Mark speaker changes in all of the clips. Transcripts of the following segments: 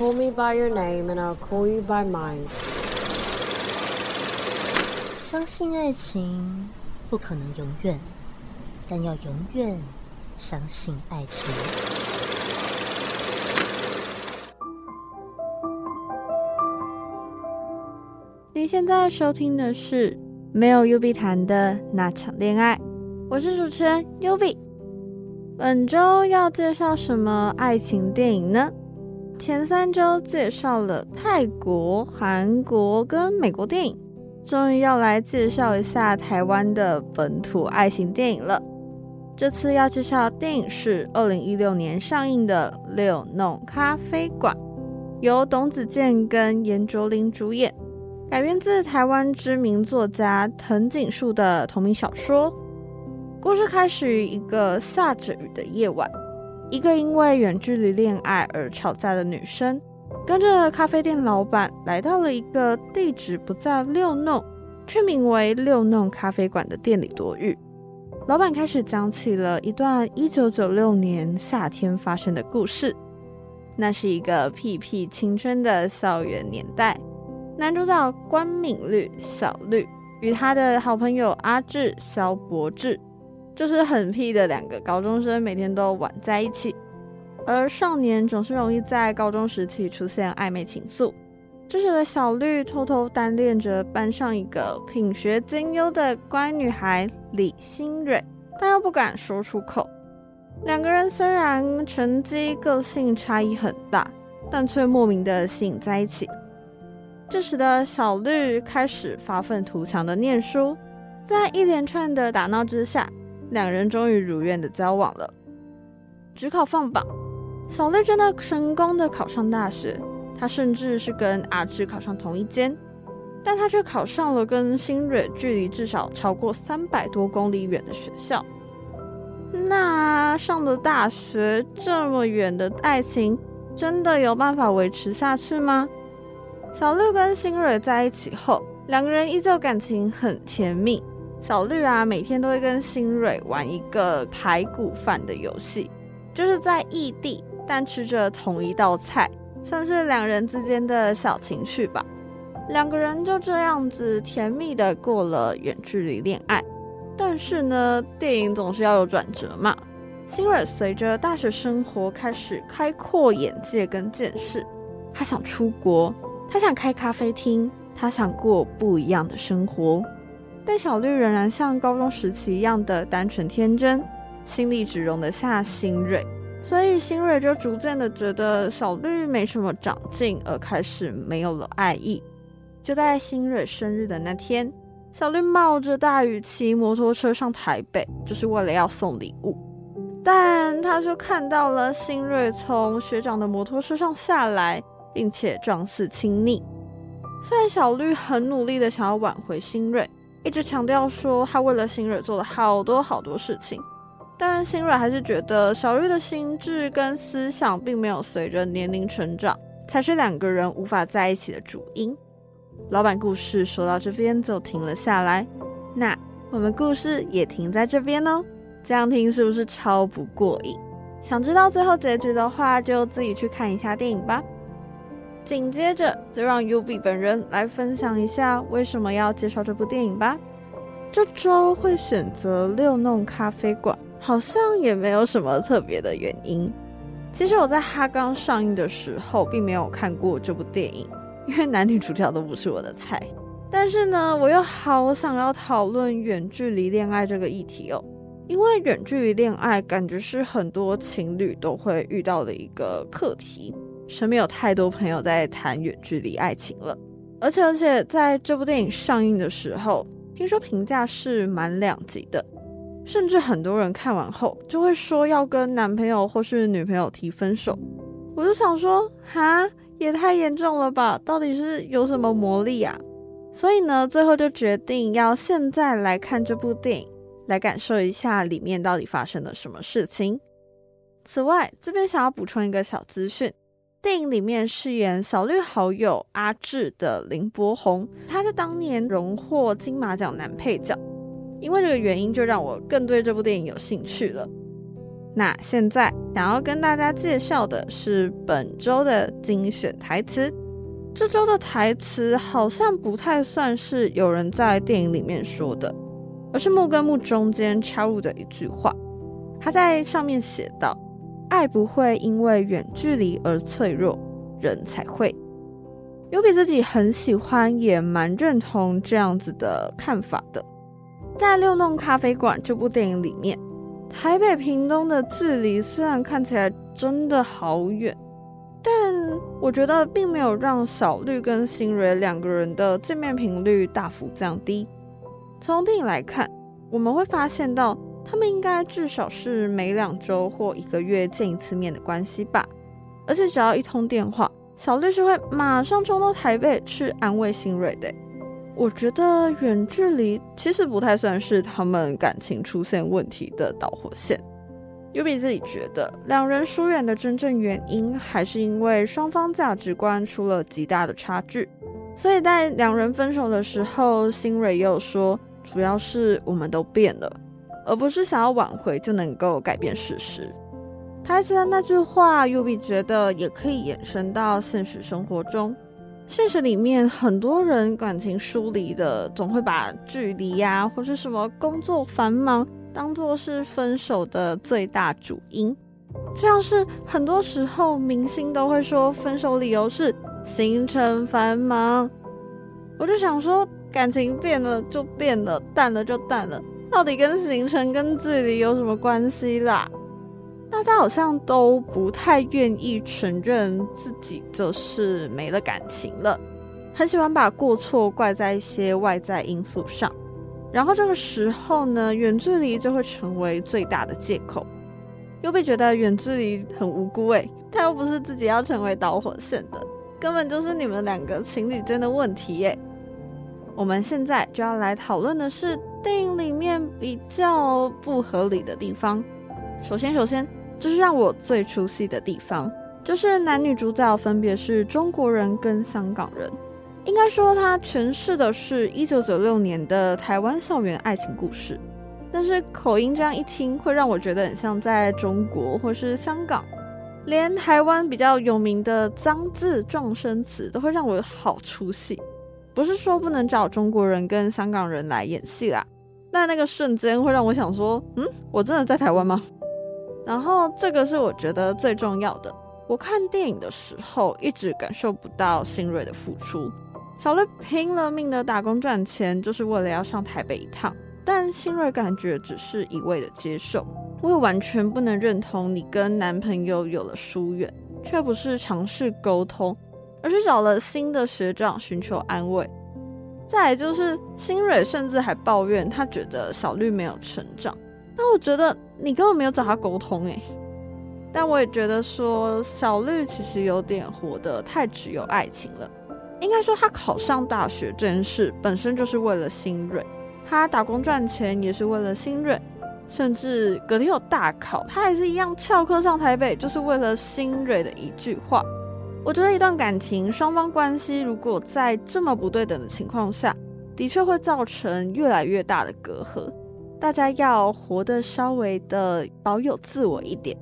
Speaker 1: Call me by your name, and I'll call you by mine. 相信愛情不可能永遠，但要永遠相信愛情。你現在收聽的是沒有 UB 談的那場戀愛，我是主持人 UB。本周要介紹什麼愛情電影呢？前三週介紹了泰國、韓國跟美國電影，終於要來介紹一下台灣的本土愛情電影了。這次要介紹的電影是二零一六年上映的《六弄咖啡館》，由董子健跟顏卓靈主演，改編自台灣知名作家藤井樹的同名小說。故事開始於一個下着雨的夜晚。一個因為遠距離戀愛而吵架的女生，跟着咖啡店老板來到了一個地址不在六弄，卻名為六弄咖啡館的店裡躲雨。老板開始講起了一段一九九六年夏天發生的故事。那是一個屁屁青春的校園年代，男主角關閔綠、小綠，與他的好朋友阿智蕭柏智，就是很屁的兩個高中生，每天都玩在一起。而少年總是容易在高中時期出現曖昧情愫，這時的小綠偷偷偷單戀着班上一個品學兼優的乖女孩李心蕊，但又不敢說出口。兩個人雖然成績、個性差異很大，但卻莫名的吸引在一起。這時的小綠開始發憤圖強的念書，在一連串的打鬧之下，兩人終於如願的交往了。指考放榜，小綠真的成功的考上大學，他甚至是跟阿智考上同一間，但他卻考上了跟心蕊距離至少超過三百多公里遠的學校。那上了大學這麼遠的愛情，真的有辦法維持下去嗎？小綠跟心蕊在一起後，兩個人依舊感情很甜蜜。小綠啊，每天都會跟心蕊玩一個排骨飯的遊戲，就是在異地但吃着同一道菜，算是兩人之間的小情趣吧。兩個人就這樣子甜蜜的過了遠距離戀愛。但是呢，電影總是要有轉折嘛。心蕊隨着大學生活開始開闊眼界跟見識，他想出國，他想開咖啡廳，他想過不一樣的生活。但小綠仍然像高中時期一樣的單純天真，心裡只容得下心蕊，所以心蕊就逐漸的覺得小綠沒什麼長進，而開始沒有了愛意。就在心蕊生日的那天，小綠冒着大雨騎摩托車上台北，就是為了要送禮物。但他就看到了心蕊從學長的摩托車上下來，並且狀似親昵。雖然小綠很努力的想要挽回心蕊。一直強調說，他為了心蕊做了好多好多事情，但心蕊還是覺得小綠的心智跟思想並沒有隨着年齡成長，才是兩個人無法在一起的主因。老闆故事說到這邊就停了下來，那我們故事也停在這邊呢、哦。這樣聽是不是超不過癮？想知道最後結局的話，就自己去看一下電影吧。緊接着，就讓 U B 本人來分享一下為什麼要介紹這部電影吧。這周會選擇六弄咖啡館，好像也沒有什麼特別的原因。其實我在它剛上映的時候，並沒有看過這部電影，因為男女主角都不是我的菜。但是呢，我又好想要討論遠距離戀愛這個議題哦，因為遠距離戀愛感覺是很多情侶都會遇到的一個課題。身邊有太多朋友在談遠距離愛情了，而且而且在這部電影上映的時候，聽說評價是蠻兩極的，甚至很多人看完後就會說要跟男朋友或是女朋友提分手。我就想說，哈，也太嚴重了吧？到底是有什麼魔力啊？所以呢，最後就決定要現在來看這部電影，來感受一下裡面到底發生了什麼事情。此外，這邊想要補充一個小資訊。電影裡面飾演小綠好友阿智的林柏宏，他是當年榮獲金馬獎男配角，因為這個原因就讓我更對這部電影有興趣了。那現在想要跟大家介紹的是本週的精選台詞，這週的台詞好像不太算是有人在電影裡面說的，而是木跟木中間插入的一句話，他在上面寫道。愛不會因為遠距離而脆弱，人才會。優比自己很喜歡，也蠻認同這樣子的看法的。在六弄咖啡館這部電影裡面，台北屏東的距離雖然看起來真的好遠，但我覺得並沒有讓小綠跟心蕊兩個人的見面頻率大幅降低。從電影來看，我們會發現到。他們應該至少是每兩週或一個月見一次面的關係吧，而且只要一通電話，小綠就會馬上衝到台北去安慰心蕊的。我覺得遠距離其實不太算是他們感情出現問題的導火線。優比自己覺得，兩人疏遠的真正原因還是因為雙方價值觀出了極大的差距。所以在兩人分手的時候，心蕊又說，主要是我們都變了。而不是想要挽回，就能夠改變事實。台詞的那句話，又比覺得也可以延伸到現實生活中。現實裡面很多人感情疏離的，總會把距離呀、啊，或是什麼工作繁忙當做是分手的最大主因。就像是很多時候明星都會說分手理由是行程繁忙。我就想說，感情變了就變了，淡了就淡了。到底跟行程跟距離有什麼關係啦？大家好像都不太願意承認，自己就是沒了感情了，很喜歡把過錯怪在一些外在因素上。然後這個時候呢，遠距離就會成為最大的借口，又被覺得遠距離很無辜欸，他又不是自己要成為導火線的，根本就是你們兩個情侶間的問題欸。我們現在就要來討論的是。電影裡面比較不合理的地方，首先首先這是讓我最出戲的地方，就是男女主角分別是中國人跟香港人。應該說，它詮釋的是一九九六年的台灣校園愛情故事，但是口音這樣一聽，會讓我覺得很像在中國或是香港，連台灣比較有名的髒字、狀聲詞都會讓我有好出戲。不是說不能找中國人跟香港人來演戲啦，但那個瞬間會讓我想說，嗯，我真的在台灣嗎？然後這個是我覺得最重要的。我看電影的時候一直感受不到心蕊的付出，小綠拼了命的打工賺錢，就是為了要上台北一趟，但心蕊感覺只是一味的接受。我也完全不能認同你跟男朋友有了疏遠，卻不是嘗試溝通。而是找了新的學長尋求安慰。再來就是，新蕊甚至還抱怨，他覺得小綠沒有成長。那我覺得你根本沒有找他溝通欸。但我也覺得說，小綠其實有點活得太只有愛情了。應該說，他考上大學這件事本身就是為了新蕊，他打工賺錢也是為了新蕊。甚至隔天有大考，他還是一樣翹課上台北，就是為了新蕊的一句話。我覺得一段感情，雙方關係如果在這麼不對等的情況下，的確會造成越來越大的隔閡。大家要活得稍微的保有自我一點。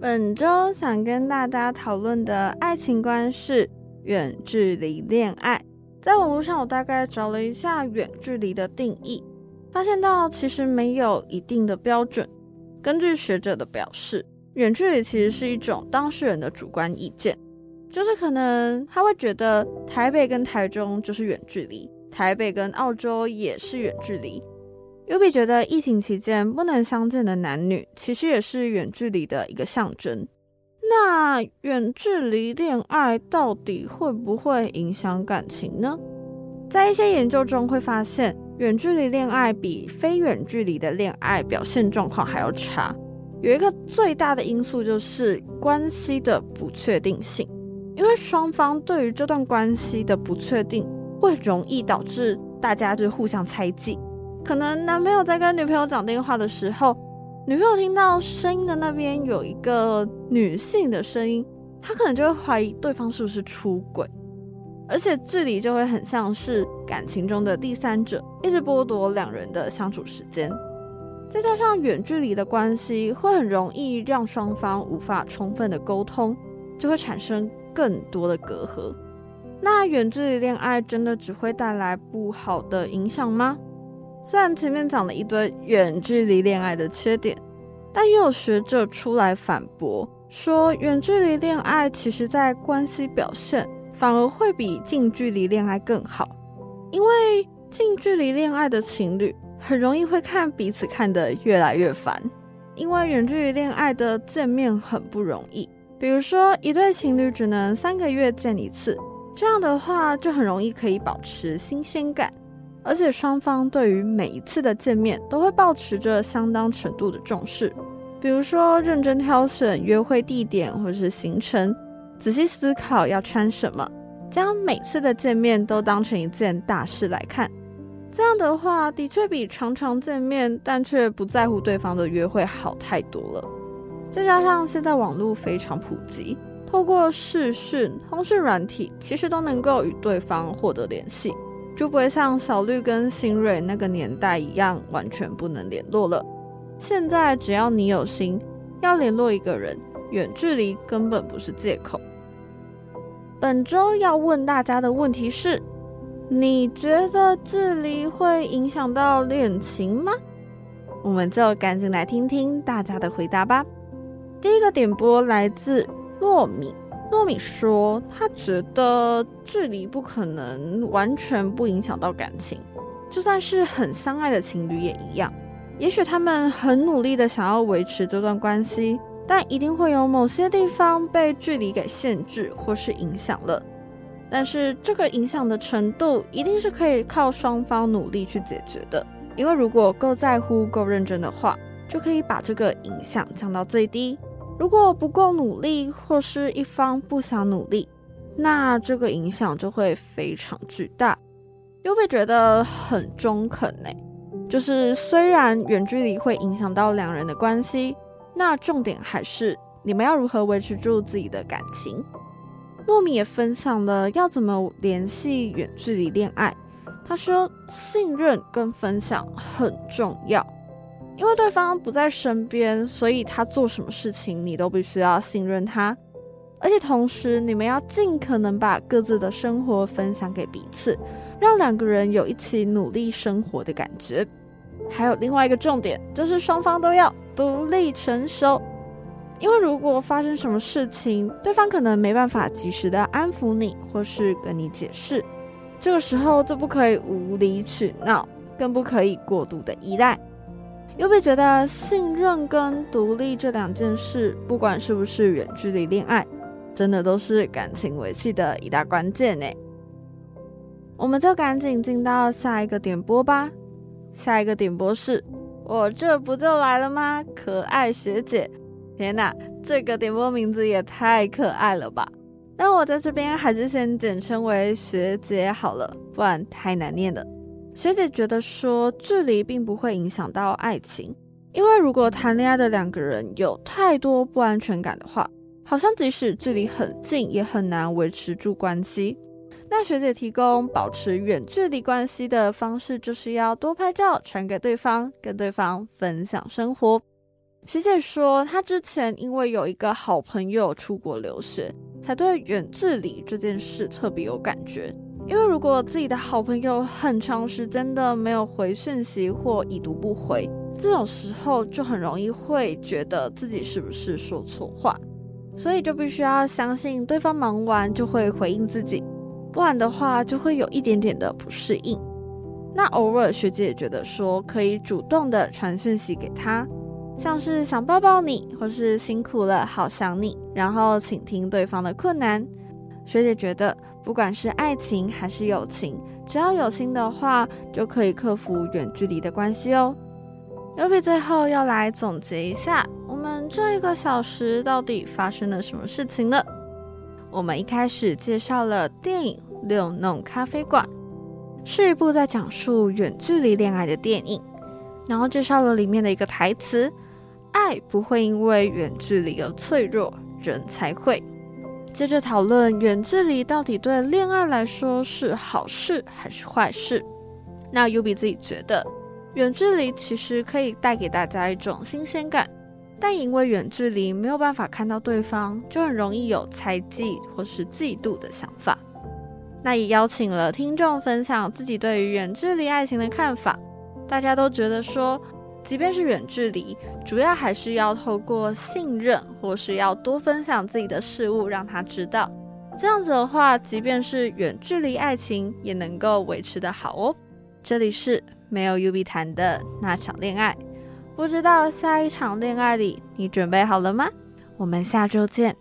Speaker 1: 本周想跟大家討論的愛情觀是遠距離戀愛。在網絡上，我大概找了一下遠距離的定義，發現到其實沒有一定的標準。根據學者的表示，遠距離其實是一種當事人的主觀意見，就是可能他會覺得台北跟台中就是遠距離，台北跟澳洲也是遠距離。優比覺得疫情期間不能相見的男女，其實也是遠距離的一個象徵。那遠距離戀愛到底會不會影響感情呢？在一些研究中會發現，遠距離戀愛比非遠距離的戀愛表現狀況還要差。有一個最大的因素就是關係的不確定性，因為雙方對於這段關係的不確定，會容易導致大家就互相猜忌。可能男朋友在跟女朋友講電話的時候，女朋友聽到聲音的那邊有一個女性的聲音，她可能就會懷疑對方是不是出軌，而且距離就會很像是感情中的第三者，一直剝奪兩人的相處時間。再加上遠距離的關係，會很容易讓雙方無法充分的溝通，就會產生更多的隔閡。那遠距離戀愛真的只會帶來不好的影響嗎？雖然前面講了一堆遠距離戀愛的缺點，但又有學者出來反駁，說遠距離戀愛其實在關係表現反而會比近距離戀愛更好，因為近距離戀愛的情侶。很容易會看彼此看得越來越煩，因為遠距離戀愛的見面很不容易。比如說，一對情侶只能三個月見一次，這樣的話就很容易可以保持新鮮感，而且雙方對於每一次的見面都會保持着相當程度的重視。比如說，認真挑選約會地點或是行程，仔細思考要穿什麼，將每次的見面都當成一件大事來看。這樣的話，的確比常常見面但卻不在乎對方的約會好太多了。再加上現在網絡非常普及，透過視訊通訊軟體，其實都能夠與對方獲得聯繫，就不會像小綠跟心蕊那個年代一樣完全不能聯絡了。現在只要你有心要聯絡一個人，遠距離根本不是借口。本週要問大家的問題是。你覺得距離會影響到戀情嗎？我們就趕緊來聽聽大家的回答吧。第一個點播來自糯米，糯米說他覺得距離不可能完全不影響到感情，就算是很相愛的情侶也一樣。也許他們很努力的想要維持這段關係，但一定會有某些地方被距離給限制或是影響了。但是這個影響的程度一定是可以靠雙方努力去解決的，因為如果夠在乎、夠認真的話，就可以把這個影響降到最低。如果不夠努力，或是一方不想努力，那這個影響就會非常巨大。又會覺得很中肯呢、欸，就是雖然遠距離會影響到兩人的關係，那重點還是你們要如何維持住自己的感情。莫米也分享了要怎麼聯繫遠距離戀愛。他說，信任跟分享很重要，因為對方不在身邊，所以他做什麼事情你都必須要信任他。而且同時，你們要盡可能把各自的生活分享給彼此，讓兩個人有一起努力生活的感覺。還有另外一個重點，就是雙方都要獨立成熟。因為如果發生什麼事情，對方可能沒辦法及時的安撫你，或是跟你解釋，這個時候就不可以無理取鬧，更不可以過度的依賴。又會覺得信任跟獨立這兩件事，不管是不是遠距離戀愛，真的都是感情維繫的一大關鍵呢。我們就趕緊進到下一個點播吧。下一個點播是，我這不就來了嗎？可愛學姐。天吶，這個點播名字也太可愛了吧！那我在這邊還是先簡稱為學姐好了，不然太難念了。學姐覺得說距離並不會影響到愛情，因為如果談戀愛的兩個人有太多不安全感的話，好像即使距離很近也很難維持住關係。那學姐提供保持遠距離關係的方式就是要多拍照傳給對方，跟對方分享生活。學姐說，她之前因為有一個好朋友出國留學，才對遠距離這件事特別有感覺。因為如果自己的好朋友很長時間的沒有回訊息或已讀不回，這種時候就很容易會覺得自己是不是說錯話，所以就必須要相信對方忙完就會回應自己，不然的話就會有一點點的不適應。那偶爾學姐也覺得說可以主動的傳訊息給她。像是想抱抱你，或是辛苦了，好想你。然後傾聽對方的困難。學姐覺得，不管是愛情還是友情，只要有心的話，就可以克服遠距離的關係哦。U P 最後要來總結一下，我們這一個小時到底發生了什麼事情呢？我們一開始介紹了電影《六弄咖啡館》，是一部在講述遠距離戀愛的電影，然後介紹了裡面的一個台詞。不會因為遠距離而脆弱，人才會。接着討論遠距離到底對戀愛來說是好事還是壞事。那 Yubi 自己覺得，遠距離其實可以帶給大家一種新鮮感，但因為遠距離沒有辦法看到對方，就很容易有猜忌或是嫉妒的想法。那也邀請了聽眾分享自己對於遠距離愛情的看法，大家都覺得說。即便是遠距離，主要還是要透過信任，或是要多分享自己的事物，讓他知道。這樣子的話，即便是遠距離愛情，也能夠維持得好哦。這裡是沒有 UB 談的那場戀愛，不知道下一場戀愛裡你準備好了嗎？我們下周見。